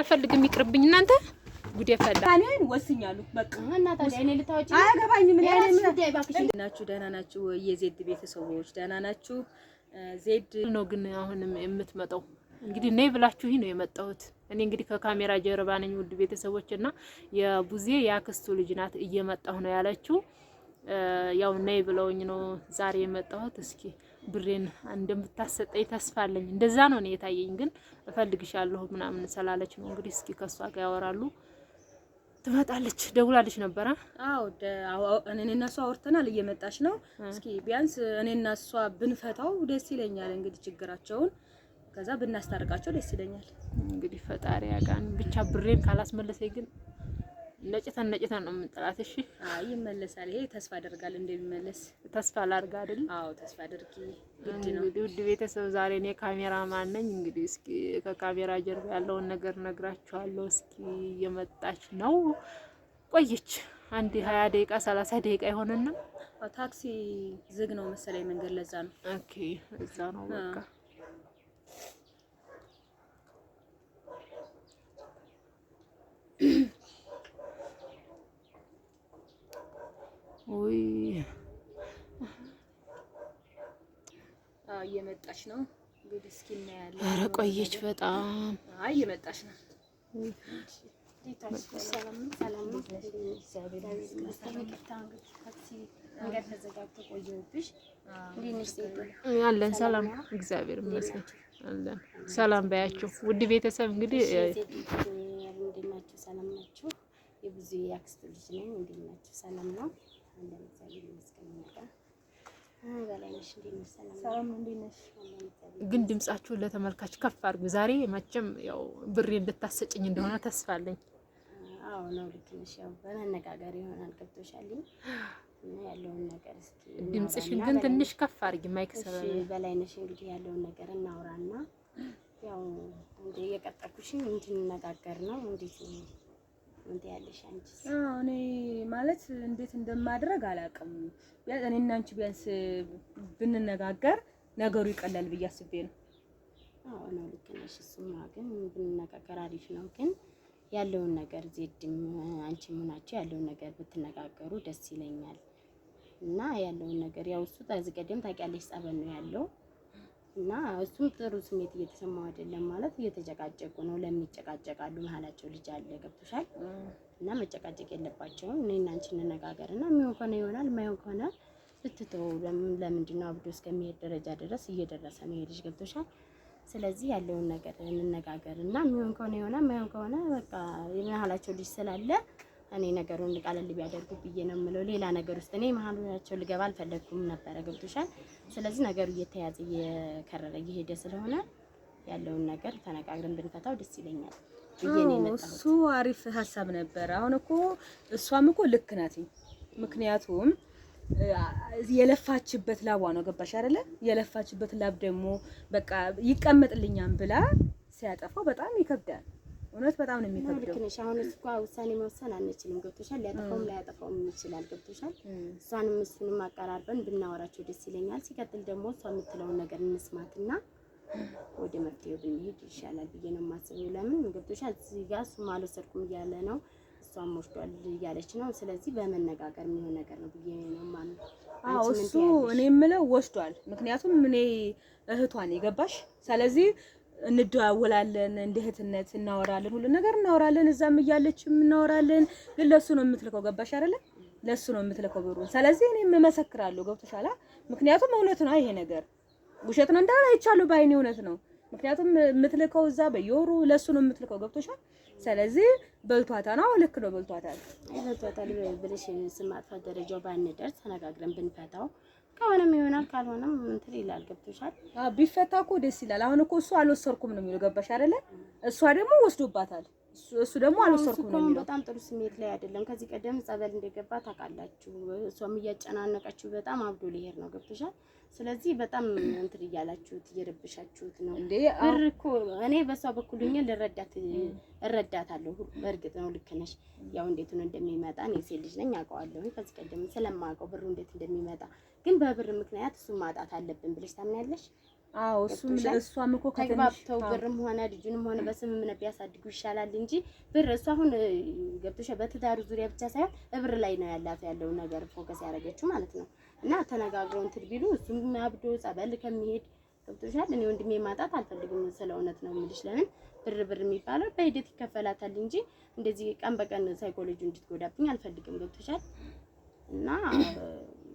አልፈልግም ይቅርብኝ። እናንተ ጉዴ ፈላ። ታኔን ወስኛሉ። በቃ እናታሽ እኔ ልታወጪ አያገባኝም። ምን ያለ ምን ናችሁ? ደህና ናችሁ? የዜድ ቤተሰቦች ደህና ናችሁ? ዜድ ነው ግን አሁንም የምትመጣው እንግዲህ ነይ ብላችሁ ይህ ነው የመጣሁት። እኔ እንግዲህ ከካሜራ ጀርባ ነኝ ውድ ቤተሰቦች እና የቡዜ የአክስቱ ልጅ ናት እየመጣሁ ነው ያለችው። ያው ነይ ብለውኝ ነው ዛሬ የመጣሁት። እስኪ ብሬን እንደምታሰጠኝ ተስፋ አለኝ። እንደዛ ነው እኔ የታየኝ። ግን እፈልግሻለሁ ምናምን ስላለች ነው እንግዲህ። እስኪ ከእሷ ጋር ያወራሉ። ትመጣለች። ደውላለች ነበረ። አዎ እኔ እና እሷ አውርተናል። እየመጣች ነው። እስኪ ቢያንስ እኔ እና እሷ ብንፈታው ደስ ይለኛል። እንግዲህ ችግራቸውን ከዛ ብናስታርቃቸው ደስ ይለኛል። እንግዲህ ፈጣሪ ያውቃን። ብቻ ብሬን ካላስመለሰኝ ግን ነጭተን ነጭተን ነው የምንጠላት። እሺ አይ ይመለሳል። ይሄ ተስፋ አደርጋል እንደሚመለስ ተስፋ ላድርግ አይደል? አዎ ተስፋ አድርጊ። ግድ ነው እንግዲህ። ውድ ቤተሰብ ዛሬ እኔ ካሜራ ማን ነኝ እንግዲህ። እስኪ ከካሜራ ጀርባ ያለውን ነገር ነግራችኋለሁ። እስኪ እየመጣች ነው። ቆየች አንድ 20 ደቂቃ 30 ደቂቃ አይሆንንም። ታክሲ ዝግ ነው መሰለኝ መንገድ፣ ለዛ ነው። ኦኬ እዛ ነው በቃ እየመጣች ነው። እንግዲህ እስኪ እናያለን። ኧረ ቆየች በጣም። አይ እየመጣች ነው። አለን ሰላም፣ እግዚአብሔር ይመስገን አለን ሰላም። በያችሁ ውድ ቤተሰብ እንግዲህ ሰላም ናችሁ? የብዙ የአክስት ልጅ ነኝ። እንዴት ናችሁ? ሰላም ነው አለን። እግዚአብሔር ይመስገን። ግን ድምጻችሁን ለተመልካች ከፍ አድርጉ። ዛሬ መቼም ያው ብሬ እንድታሰጭኝ እንደሆነ ተስፋ አለኝ። አዎ ነው፣ ልክ ነሽ። ያው በመነጋገር ይሆናል። ገብቶሻል ያለውን ነገር እስኪ ድምጽሽን ግን ትንሽ ከፍ አድርጊ። ማይክ በላይነሽ እንግዲህ ያለውን ነገር እናውራና ያው እንደ እየቀጠልኩሽ እንድንነጋገር ነው እንዴት ምን ትያለሽ አንቺ? አዎ እኔ ማለት እንዴት እንደማድረግ አላውቅም። ቢያንስ እኔ እና አንቺ ቢያንስ ብንነጋገር ነገሩ ይቀላል ብዬ አስቤ ነው። አዎ ነው ልክ ነሽ። እሱማ ግን ብንነጋገር አሪፍ ነው። ግን ያለውን ነገር ዜድም አንቺ ምናቸው ያለውን ነገር ብትነጋገሩ ደስ ይለኛል። እና ያለውን ነገር ያው እሱ ከዚህ ታውቂያለሽ፣ ጸበል ነው ያለው እና እሱ ጥሩ ስሜት እየተሰማው አይደለም። ማለት እየተጨቃጨቁ ነው። ለምን ይጨቃጨቃሉ? መሀላቸው ልጅ አለ። ገብቶሻል? እና መጨቃጨቅ የለባቸውም። እኔ እና አንቺ እንነጋገር እና የሚሆን ከሆነ ይሆናል፣ የማይሆን ከሆነ ብትተው። ለምንድን ነው አብዶ እስከሚሄድ ደረጃ ድረስ እየደረሰ ነው ይሄ ልጅ። ገብቶሻል? ስለዚህ ያለውን ነገር እንነጋገር እና የሚሆን ከሆነ ይሆናል፣ የማይሆን ከሆነ በቃ የመሀላቸው ልጅ ስላለ እኔ ነገሩን ቃለል ቢያደርጉ ብዬ ነው የምለው። ሌላ ነገር ውስጥ እኔ መሀላቸው ልገባ አልፈለግኩም ነበረ። ገብቶሻል። ስለዚህ ነገሩ እየተያዘ እየከረረ እየሄደ ስለሆነ ያለውን ነገር ተነጋግረን ብንፈታው ደስ ይለኛል። እሱ አሪፍ ሀሳብ ነበር። አሁን እኮ እሷም እኮ ልክ ናት። ምክንያቱም የለፋችበት ላቧ ነው። ገባሽ አይደለ? የለፋችበት ላብ ደግሞ በቃ ይቀመጥልኛም ብላ ሲያጠፋው በጣም ይከብዳል። እውነት በጣም ነው የሚከብደው። ልክ ነሽ። አሁን እሷ ውሳኔ መወሰን አንችልም። ገብቶሻል። ሊያጠፋውም ላያጠፋውም ይችላል። ገብቶሻል። እሷንም እሱንም አቀራርበን ብናወራቸው ደስ ይለኛል። ሲቀጥል ደግሞ እሷ የምትለውን ነገር እንስማትና ወደ መፍትሄው ብንሄድ ይሻላል ብዬ ነው የማስበው። ለምን ገብቶሻል። እዚህ ጋር እሱም አልወሰድኩም እያለ ነው፣ እሷም ወስዷል እያለች ነው። ስለዚህ በመነጋገር የሚሆን ነገር ነው ብዬ ነው የማምነው። አዎ እሱ እኔ የምለው ወስዷል። ምክንያቱም እኔ እህቷን የገባሽ ስለዚህ እንደዋወላለን እንደ እህትነት እናወራለን፣ ሁሉ ነገር እናወራለን። እዛም እያለችም እናወራለን። ግን ለእሱ ነው የምትልከው። ገባሽ አይደለ? ለእሱ ነው የምትልከው ብሩ። ስለዚህ እኔም እመሰክራለሁ። ገብቶሻል? ምክንያቱም እውነት ነው ይሄ ነገር፣ ውሸት ነው እንዳላ አይቻለሁ። በአይኔ እውነት ነው። ምክንያቱም የምትልከው እዛ በየወሩ ለእሱ ነው የምትልከው። ገብቶሻል? ስለዚህ በልቷታ ነው። ልክ ነው፣ በልቷታል። በልቷታል ብለሽ ስም ማጥፋት ደረጃው ባንደርስ ተነጋግረን ብንፈታው ከሆነም ይሆናል ካልሆነም እንትን ይላል። ገብቶሻል? ቢፈታ እኮ ደስ ይላል። አሁን እኮ እሱ አልወሰርኩም ነው የሚለው ገባሽ አይደለ? እሷ ደግሞ ወስዶባታል። እሱ ደግሞ አልወሰርኩም ነው የሚለው። በጣም ጥሩ ስሜት ላይ አይደለም። ከዚህ ቀደም ጸበል እንደገባ ታውቃላችሁ። እሷም እያጨናነቀችው በጣም አብዶ ሊሄድ ነው። ገብቶሻል? ስለዚህ በጣም እንትን እያላችሁት እየረብሻችሁት ነው። ብር እኮ እኔ በሷ በኩል ሆኜ ልረዳት እረዳታለሁ። በእርግጥ ነው ልክ ነሽ። ያው እንዴት ነው እንደሚመጣ እኔ ሴት ልጅ ነኝ አውቀዋለሁ። ከዚህ ቀደም ስለማውቀው ብሩ እንዴት እንደሚመጣ ግን በብር ምክንያት እሱ ማጣት አለብን ብለሽ ታምናለሽ? አዎ እሱም እሷም እኮ ተግባብተው ብርም ሆነ ልጁንም ሆነ በስምምነት ቢያሳድጉ ይሻላል እንጂ ብር እሱ አሁን ገብቶሻል። በትዳሩ ዙሪያ ብቻ ሳይሆን እብር ላይ ነው ያላት ያለው ነገር ፎከስ ያደረገችው ማለት ነው። እና ተነጋግረው እንትን ቢሉ እሱም አብዶ ጸበል ከሚሄድ ገብቶሻል። እኔ ወንድሜ ማጣት አልፈልግም። ስለ እውነት ነው የምልሽ። ለምን ብር ብር የሚባለው በሂደት ይከፈላታል እንጂ እንደዚህ ቀን በቀን ሳይኮሎጂ እንድትጎዳብኝ አልፈልግም። ገብቶሻል። እና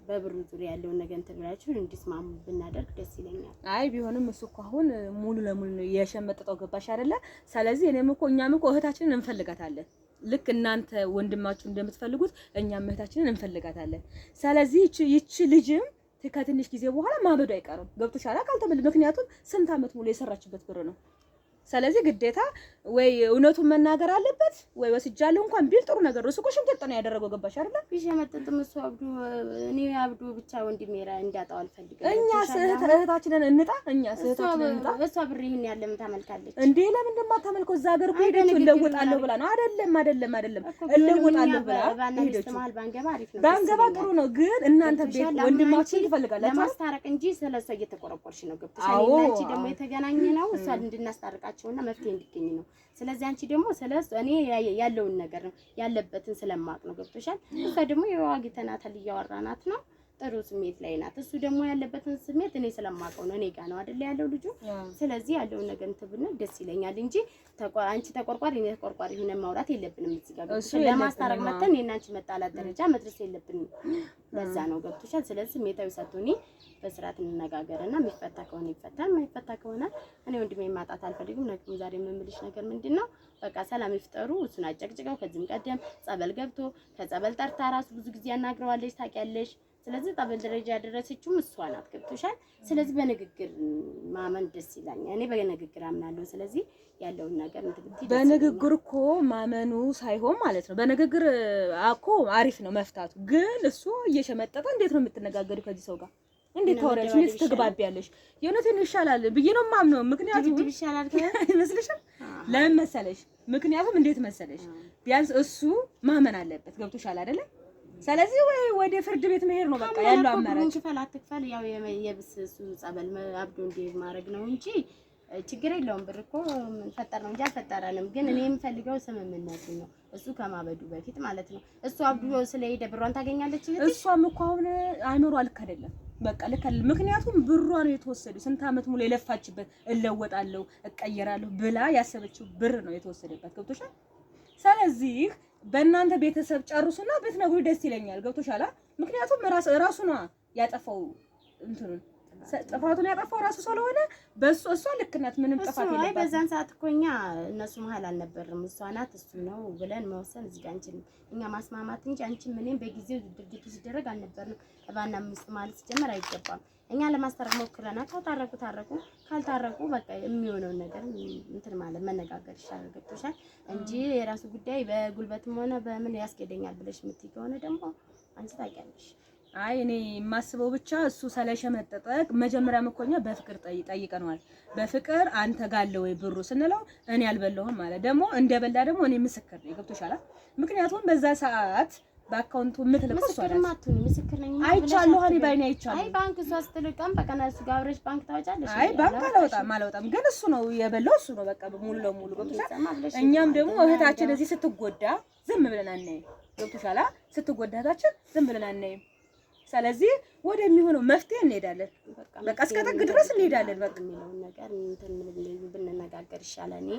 በብሩ ዙሪያ ያለውን ነገር እንትን ብላችሁ እንዲስማሙ ብናደርግ ደስ ይለኛል። አይ ቢሆንም እሱ እኮ አሁን ሙሉ ለሙሉ የሸመጠጠው ገባሽ አይደለ? ስለዚህ እኔም እኮ እኛም እኮ እህታችንን እንፈልጋታለን ልክ እናንተ ወንድማችሁ እንደምትፈልጉት እኛም እህታችንን እንፈልጋታለን። ስለዚህ ይቺ ልጅም ከትንሽ ጊዜ በኋላ ማበዱ አይቀርም። ገብቶሻል? አቃልተመል ምክንያቱም ስንት ዓመት ሙሉ የሰራችበት ብር ነው። ስለዚህ ግዴታ ወይ እውነቱን መናገር አለበት ወይ ወስጃለሁ እንኳን ቢል ጥሩ ነገር ነው። እሱ እኮ ሽምጥጥ ነው ያደረገው። ገባሽ አይደለ? ይሄ መጥጥም እሱ አብዱ እኔ አብዱ ብቻ ወንድሜ እንዳጣው አልፈልግም። እኛ እህታችንን እንጣ እኛ እህታችንን እንጣ። እሷ ብር ይሄን ያለ ምን ታመልካለች እንዴ? ለምን እንደማታመልከው እዛ ሀገር እኮ ሄደችው እለውጣለሁ ብላ ነው። አይደለም አይደለም አይደለም እለውጣለሁ ብላ ሄደችው። ባንገባ አሪፍ ነው ባንገባ ጥሩ ነው ግን እናንተ ቤት ወንድማችን ትፈልጋላችሁ ለማስታረቅ እንጂ ስለሷ እየተቆረቆርሽ ነው። ገብተሻል። እንዴ ደግሞ የተገናኘ ነው እሷ እንድናስታርቃችሁ እንዲሰጣቸውና መፍትሄ እንዲገኝ ነው። ስለዚህ አንቺ ደግሞ ስለሱ እኔ ያለውን ነገር ነው ያለበትን ስለማቅ ነው። ገብቶሻል። እሷ ደግሞ ተናታል እያወራናት ነው ጥሩ ስሜት ላይ ናት። እሱ ደግሞ ያለበትን ስሜት እኔ ስለማውቀው ነው። እኔ ጋ ነው አይደል ያለው ልጁ። ስለዚህ ያለውን ነገር እንትብነ ደስ ይለኛል እንጂ አንቺ ተቆርቋሪ እኔ ተቆርቋሪ ሆነን ማውራት የለብንም። እዚህ ጋር ለማስታረቅ መተን እኔና አንቺ መጣላት ደረጃ መድረስ የለብንም። ለዛ ነው ገብቶሻል። ስለዚህ ስሜታዊ ሳትሆኚ በስርዓት እንነጋገርና የሚፈታ ከሆነ ይፈታል፣ የማይፈታ ከሆነ እኔ ወንድሜ ማጣት አልፈልግም። ነገም ዛሬ የምምልሽ ነገር ምንድነው፣ በቃ ሰላም ይፍጠሩ። እሱን አጨቅጭቀው ከዚህም ቀደም ጸበል ገብቶ ከጸበል ጠርታ ራሱ ብዙ ጊዜ ያናግረዋለች ታውቂያለሽ። ስለዚህ ጠበል ደረጃ ያደረሰችውም እሷ ናት። ገብቶሻል። ስለዚህ በንግግር ማመን ደስ ይላል። እኔ በንግግር አምናለሁ። ስለዚህ ያለውን ነገር በንግግር እኮ ማመኑ ሳይሆን ማለት ነው። በንግግር እኮ አሪፍ ነው መፍታቱ። ግን እሱ እየሸመጠጠ እንዴት ነው የምትነጋገሪ ከዚህ ሰው ጋር? እንዴት ታወሪያለሽ? እንዴት ትግባቢያለሽ? የእውነቴን ይሻላል ብዬ ነው የማምነው። ምክንያቱም ይሻላል ይመስልሻል? ለምን መሰለሽ? ምክንያቱም እንዴት መሰለሽ? ቢያንስ እሱ ማመን አለበት። ገብቶሻል አይደለም? ስለዚህ ወይ ወደ ፍርድ ቤት መሄድ ነው በቃ ያለው አማራጭ። ክፈል አትክፈል ያው የብስ እሱ ጸበል አብዶ እንዲህ ማድረግ ነው እንጂ ችግር የለውም። ብር እኮ ፈጠር ነው እንጂ አልፈጠረንም። ግን እኔ የምፈልገው ስምምነቱ ነው፣ እሱ ከማበዱ በፊት ማለት ነው። እሱ አብዶ ስለሄደ ብሯን ታገኛለች። እሷም እኮ አሁን አይምሮ ልክ አይደለም በቃ ልክ ምክንያቱም ብሯ ነው የተወሰደው። ስንት አመት ሙሉ የለፋችበት እለወጣለሁ፣ እቀየራለሁ ብላ ያሰበችው ብር ነው የተወሰደበት። ገብቶሻል? ስለዚህ በእናንተ ቤተሰብ ጨርሱና ብትነግሩ ደስ ይለኛል። ገብቶሻል? ምክንያቱም ራሱ ነው ያጠፋው እንትኑን ጥፋቱን ያጠፋው ራሱ ስለሆነ በእሱ እሷ ልክ ናት። ምንም ጥፋት የለም። በዛን ሰዓት እኮ እኛ እነሱ መሀል አልነበርም። እሷ ናት እሱ ነው ብለን መወሰን እዚህ ጋር አንችልም። እኛ ማስማማት እንጂ አንቺ ምንም በጊዜው ድርጊቱ ሲደረግ አልነበርንም። እባና ምስጥ ማለት ሲጀመር አይገባም። እኛ ለማስታረቅ ሞክረናል። ታረቁ ታረቁ ካልታረቁ በቃ የሚሆነውን ነገር እንትን ማለት መነጋገር ይሻላል። ገብቶሻል እንጂ የራሱ ጉዳይ በጉልበትም ሆነ በምን ያስኬደኛል ብለሽ የምትይ ከሆነ ደግሞ አንቺ ታውቂያለሽ። አይ እኔ የማስበው ብቻ እሱ ስለሸመጠጠቅ መጀመሪያም እኮ እኛ በፍቅር ጠይቀነዋል። በፍቅር አንተ ጋለ ወይ ብሩ ስንለው እኔ አልበላሁም ማለት ደግሞ እንደበላ ደግሞ እኔ ምስክር ነኝ። ገብቶሻል። ምክንያቱም በዛ ሰዓት በአካውንቱ የምትልቀው እሷ ናት። ባይኔ አይቻለሁ። አይ ባንክ እሷ ስትልቀም በቀን ባንክ አይ ባንክ አላወጣም አላወጣም፣ ግን እሱ ነው የበላው፣ እሱ ነው በቃ ሙሉ ለሙሉ ገብቶሻል። እኛም ደግሞ እህታችን እዚህ ስትጎዳ ዝም ብለን አናይም። ገብቶሻል። ስትጎዳ እህታችን ዝም ብለን አናይም። ስለዚህ ወደሚሆነው መፍትሄ እንሄዳለን። በቃ እስከ ጥግ ድረስ እንሄዳለን። በቃ የሚለውን ነገር እንትን ብንነጋገር ይሻላል። እኔ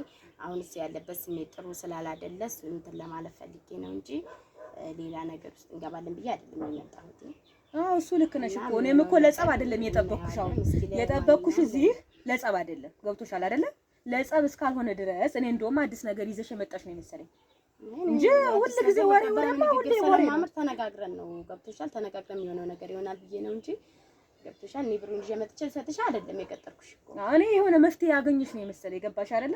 አሁን እሱ ያለበት ስሜት ጥሩ ስላላደለ እሱ እንትን ለማለት ፈልጌ ነው እንጂ ሌላ ነገር ውስጥ እንገባለን ብዬ አይደለም የመጣሁት። አዎ እሱ ልክ ነሽ እኮ እኔም እኮ ለጸብ አይደለም የጠበኩሽ። አሁን የጠበኩሽ እዚህ ለጸብ አይደለም ገብቶሻል አይደለም? ለጸብ እስካልሆነ ድረስ እኔ እንደውም አዲስ ነገር ይዘሽ የመጣሽ ነው የመሰለኝ እንጂ ሁል ጊዜ ወሬ ወሬማ ሁሌ ወሬ ማምር ተነጋግረን ነው ገብቶሻል። ተነጋግረን የሆነው ነገር ይሆናል ብዬ ነው እንጂ ገብቶሻል። እኔ ብሩን ይዤ መጥቼ ልሰጥሽ አይደለም የቀጠርኩሽ እኮ እኔ የሆነ መፍትሄ ያገኘሽ ነው የመሰለኝ። የገባሽ አይደለ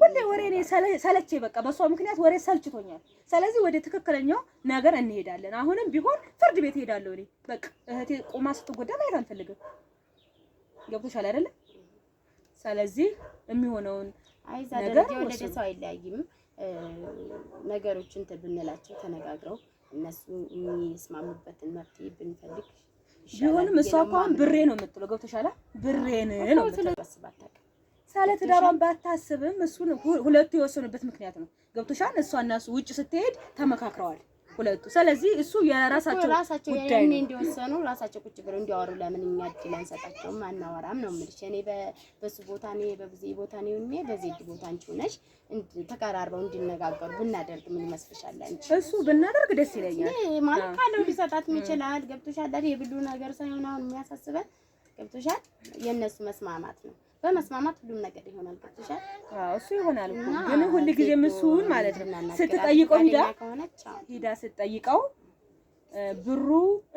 ሁሌ ወሬ እኔ ሰለቼ በቃ በሷ ምክንያት ወሬ ሰልችቶኛል። ስለዚህ ወደ ትክክለኛው ነገር እንሄዳለን። አሁንም ቢሆን ፍርድ ቤት እሄዳለሁ እኔ በቃ እህቴ ቁማ ስትጎዳ ማየት አንፈልግም። ገብቶሻል አይደለ ስለዚህ የሚሆነውን አይ ዛሬ ወደ ሰው አይለያይም። ነገሮችን ብንላቸው ተነጋግረው እነሱ የሚስማሙበትን መፍትሄ ብንፈልግ ቢሆንም እሷ እኮ አሁን ብሬ ነው የምትለው። ገብቶሻል? ብሬን ነው ሳለ ትዳሯን ባታስብም እሱን ሁለቱ የወሰኑበት ምክንያት ነው። ገብቶሻል? እሷ እና እሱ ውጭ ስትሄድ ተመካክረዋል። ሁለቱ። ስለዚህ እሱ የራሳቸው ራሳቸው ያኔ እንዲወሰኑ ራሳቸው ቁጭ ብለው እንዲያወሩ ለምን እኛ እድል አንሰጣቸውም? አናወራም ነው የምልሽ። እኔ በሱ ቦታ ነኝ፣ በብዙ ቦታ ነኝ፣ እኔ በዚህ ቦታ አንቺ ሆነሽ ተቀራርበው እንዲነጋገሩ ብናደርግ ምን ይመስልሻል? አንቺ እሱ ብናደርግ ደስ ይለኛል። ማለት ካለው ሊሰጣት ይችላል። ገብቶሻል? የብሉ ነገር ሳይሆን አሁን የሚያሳስበን ገብቶሻል፣ የእነሱ መስማማት ነው። በመስማማት ሁሉም ነገር ይሆናል። ገብቶሻል? አዎ እሱ ይሆናል እኮ ግን ሁል ጊዜ ምሱን ማለት ነው ስትጠይቀው ሂዳ ሂዳ ስትጠይቀው ብሩ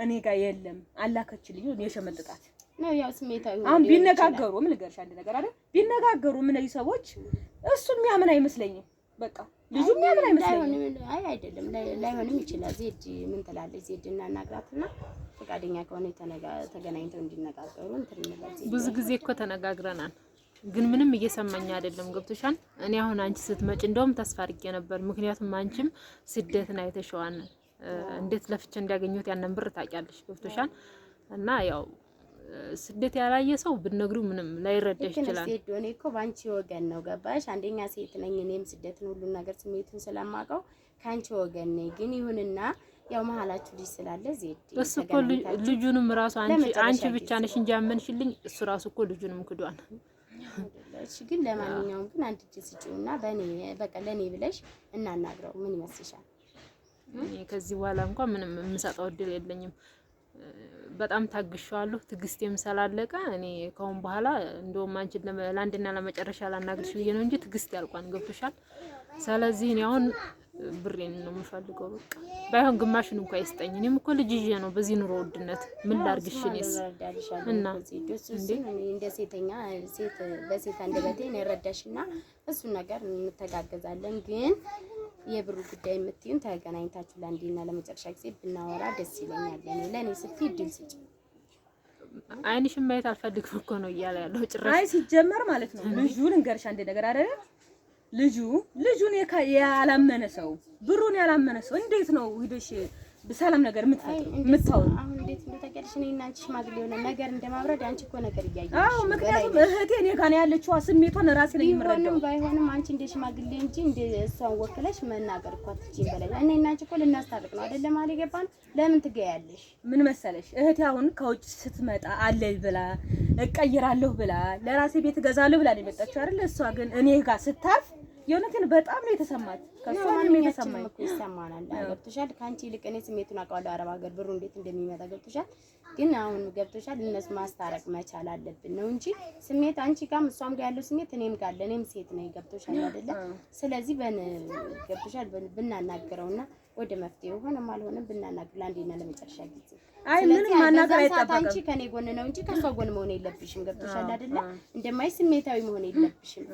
እኔ ጋር የለም አላከችልኝ እኔ የሸመጥጣት ነው ያው ስሜታዊ አሁን ቢነጋገሩ ምን ልገርሽ አንድ ነገር አይደል ቢነጋገሩ እነዚህ ሰዎች እሱ የሚያምን አይመስለኝም። በቃ ልጁ የሚያምን አይመስለኝም። አይ አይደለም ላይሆንም ይችላል። ዜድ ምን ትላለች? ዜድ እናናግራትና ፈቃደኛ ከሆነ ተገናኝተው እንዲነጋገሩ እንትን ብዙ ጊዜ እኮ ተነጋግረናል፣ ግን ምንም እየሰማኝ አይደለም። ገብቶሻል። እኔ አሁን አንቺ ስትመጭ እንደውም ተስፋ አድርጌ ነበር፣ ምክንያቱም አንቺም ስደትን አይተሸዋን እንዴት ለፍቼ እንዳገኘሁት ያንን ብር ታውቂያለሽ። ገብቶሻል እና ያው ስደት ያላየ ሰው ብነግሩ ምንም ላይረዳ ይችላል። ልክ እኔ እኮ በአንቺ ወገን ነው ገባሽ? አንደኛ ሴት ነኝ እኔም ስደትን ሁሉን ነገር ስሜቱን ስለማውቀው ከአንቺ ወገን ነኝ። ግን ይሁንና ያው መሀላችሁ ልጅ ስላለ ዜድ እሱ እኮ ልጁንም ራሱ አንቺ ብቻ ነሽ እንጂ አመንሽልኝ። እሱ ራሱ እኮ ልጁንም ክዷል። እሺ ግን ለማንኛውም ግን አንድ እጅ ስጪውና በኔ በቃ ለኔ ብለሽ እናናግረው። ምን ይመስልሻል? ከዚህ በኋላ እንኳን ምንም የምሰጠው እድል የለኝም። በጣም ታግሻለሁ። ትዕግስቴም ስላለቀ እኔ ከአሁን በኋላ እንደውም አንቺን ለአንድና ለመጨረሻ ላናግርሽ ብዬ ነው እንጂ ትዕግስት ያልቋን ገብቶሻል። ስለዚህ እኔ አሁን ብሬን ነው የምፈልገው። በቃ ባይሆን ግማሽን እንኳ ይስጠኝ። እኔም እኮ ልጅ ይዤ ነው በዚህ ኑሮ ውድነት ምን ላርግሽ? እኔስ እና እንደ ሴተኛ ሴት በሴት አንደበቴ ነው የረዳሽና እሱ ነገር እንተጋገዛለን። ግን የብሩ ጉዳይ የምትዩን ተገናኝታችሁ ለአንዴና ለመጨረሻ ጊዜ ብናወራ ደስ ይለኛል። ለእኔ ስትይ ድል ስጭ አይንሽን ማየት አልፈልግም እኮ ነው እያለ ያለው ጭራሽ። አይ ሲጀመር ማለት ነው ልጁ ልንገርሽ አንድ ነገር አይደለም ልጁ ልጁን ያላመነ ሰው ብሩን ያላመነ ሰው እንዴት ነው ሂደሽ ሰላም ነገር የምትፈጥሩ የምታወሩ አሁን እንዴት ሽማግሌ ነገር እንደማብረድ አንቺ እኮ ነገር ምክንያቱም እህቴ እኔ ጋር ነው ያለችው፣ ስሜቷን እራሴ ላይ የምረዳው ቢሆንም ባይሆንም አንቺ እንደ ሽማግሌ እንጂ እንደ እሷን ወክለሽ መናገር እኮ አትችይም በለኝ። እኔ እና አንቺ እኮ ልናስታርቅ ነው አይደለም ለምን ትገያለሽ? ምን መሰለሽ እህቴ አሁን ከውጭ ስትመጣ አለኝ ብላ እቀይራለሁ ብላ ለራሴ ቤት እገዛለሁ ብላ ነው የመጣችው አይደል? እሷ ግን እኔ ጋር ስታርፍ የእውነትን በጣም ነው የተሰማት። ከሷ ነው የተሰማኝ እኮ ይሰማናል። ገብቶሻል። ከአንቺ ይልቅ እኔ ስሜቱን አውቀዋለሁ። አረብ ሀገር ብሩ እንዴት እንደሚመጣ ገብቶሻል። ግን አሁን ገብቶሻል። እነሱ ማስታረቅ መቻል አለብን ነው እንጂ ስሜት አንቺ ጋርም እሷም ጋር ያለው ስሜት እኔም ጋር አለ። እኔም ሴት ነኝ። ገብቶሻል አይደለ? ስለዚህ በን ገብቶሻል ብናናግረውና ወደ መፍትሄ ሆነም አልሆነም ብናናግር ለአንዴና ለመጨረሻ ጊዜ አይ ምንም ማናገር አይጠበቅም። አንቺ ከኔ ጎን ነው እንጂ ከሷ ጎን መሆን የለብሽም። ገብቶሻል አይደለ? እንደማይ ስሜታዊ መሆን የለብሽም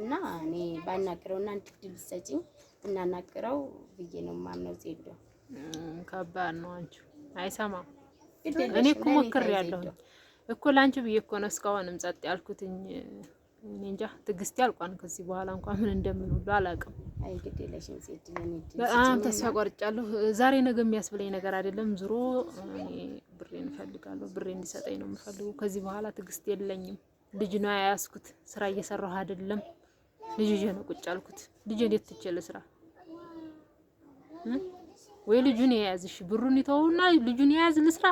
እና እኔ ባናግረውና አንድ ድል ሰጪኝ እናናግረው ብዬ ነው የማምነው። ዜዶ ከባድ ነው። አንቺ አይሰማም። እኔ እኮ ሞክሬያለሁኝ እኮ ላንቺ ብዬ እኮ ነው እስካሁንም ጸጥ ያልኩትኝ። እንጃ ትግስቴ አልቋን። ከዚህ በኋላ እንኳን ምን እንደምን ሁሉ አላውቅም። በጣም ተስፋ ቆርጫለሁ። ዛሬ ነገ የሚያስብለኝ ነገር አይደለም። ዝሮ ብሬን እፈልጋለሁ። ብሬ እንዲሰጠኝ ነው የምፈልገው። ከዚህ በኋላ ትግስት የለኝም። ልጅ ነው ያያዝኩት። ስራ እየሰራሁ አይደለም። ልጅ ይዤ ነው ቁጭ አልኩት። ልጅ እንዴት ትችል ስራ ወይ ልጁን የያዝሽ ብሩን ይተውና ልጁን የያዝ ልስራ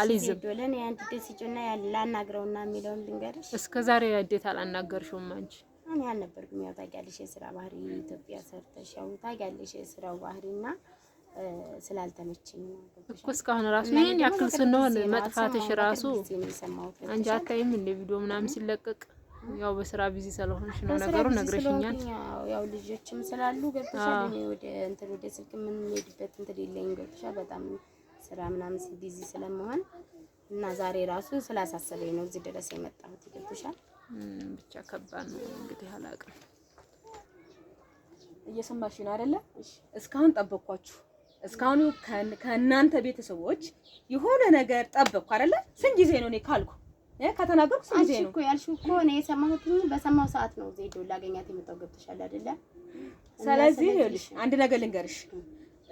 አልይዝም። ለኔ አንቺ ትስጪና ላናግረውና የሚለውን ልንገርሽ። እስከ ዛሬ ያዴት አላናገርሽውም አንቺ። እኔ አልነበርኩም። ያው ታውቂያለሽ፣ የስራ ባህሪ ኢትዮጵያ ሰርተሽ ያው ታውቂያለሽ፣ የስራው ባህሪና ስላልተመቸኝ እኮ እስካሁን ራሱ ይሄን ያክል ስንሆን መጥፋትሽ ራሱ አንቺ አታይም እንደ ቪዲዮ ምናምን ሲለቀቅ ያው በስራ ቢዚ ስለሆንሽ ነው ነገሩ። ነግረሽኛል። ያው ልጆችም ስላሉ ገብተሻል። ወደ እንትን ወደ ስልክ የምንሄድበት እንትን የለኝም። ገብተሻል በጣም ስራ ምናምን ቢዚ ስለመሆን እና ዛሬ ራሱ ስላሳሰበኝ ነው እዚህ ድረስ የመጣሁት። ይገብሻል። ብቻ ከባድ ነው እንግዲህ አላውቅም። እየሰማሽ ነው አይደለ? እስካሁን ጠበኳችሁ። እስካሁን ከእናንተ ቤተሰቦች የሆነ ነገር ጠበቅኩ አይደለ? ስንት ጊዜ ነው እኔ ካልኩ ከተናገርኩ ስንት ጊዜ ነው ያልሽው? እኮ እኔ የሰማሁት በሰማሁ ሰዓት ነው ዜዶ ላገኛት የመጣው። ገብተሻል አይደለ? ስለዚህ ይኸውልሽ አንድ ነገር ልንገርሽ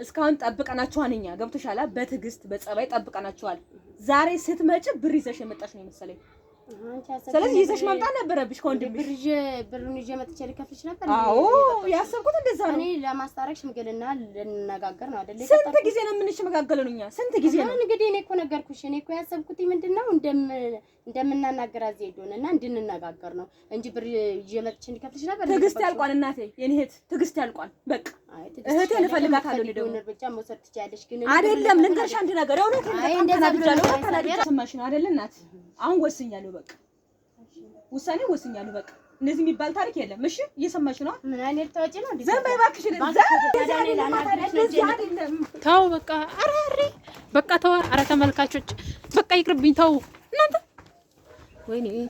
እስካሁን ጠብቀናችኋል። እኛ ገብቶሻላ በትዕግስት በጸባይ ጠብቀናችኋል። ዛሬ ስትመጭ ብር ይዘሽ የመጣሽ ነው የመሰለኝ። ስለዚህ ይዘሽ ማምጣት ነበረብሽ። ከወንድምሽ ብሩን ይዤ መጥቼ ልከፍልሽ ነበር። አዎ ያሰብኩት እንደዛ ነው። እኔ ለማስታረቅ ሽምግልና ልነጋገር ነው አይደል? ስንት ጊዜ ነው የምንሽመጋገለው እኛ? ስንት ጊዜ ነው እንግዲህ። እኔ እኮ ነገርኩሽ። እኔ እኮ ያሰብኩት ምንድን ነው እንደም እንደምናናገራት ዜዶን እና እንድንነጋገር ነው እንጂ ብር ይዤ እንዲከፍልሽ ነበር። ትዕግስት ያልቋል እናቴ፣ የኔ እህት ትዕግስት ያልቋል። በቃ እህቴ ልፈልጋታለሁ። ልደውል እርምጃ መውሰድ ትችያለሽ። ግን አይደለም ልንገርሽ አንድ ነገር እውነት ተናግጃለሁ። ተናግጃ ሰማሽ ነው አይደለ እናት? አሁን ወስኛለሁ። በቃ ውሳኔ ወስኛለሁ። በቃ እንደዚህ የሚባል ታሪክ የለም። እሺ እየሰማሽ ነው? ምን አይነት ታወጪ ነው? ዝም በይ እባክሽ። ተው በቃ፣ ኧረ ኧረ በቃ ተው። ኧረ ተመልካቾች በቃ ይቅርብኝ። ተው እናንተ 闺女。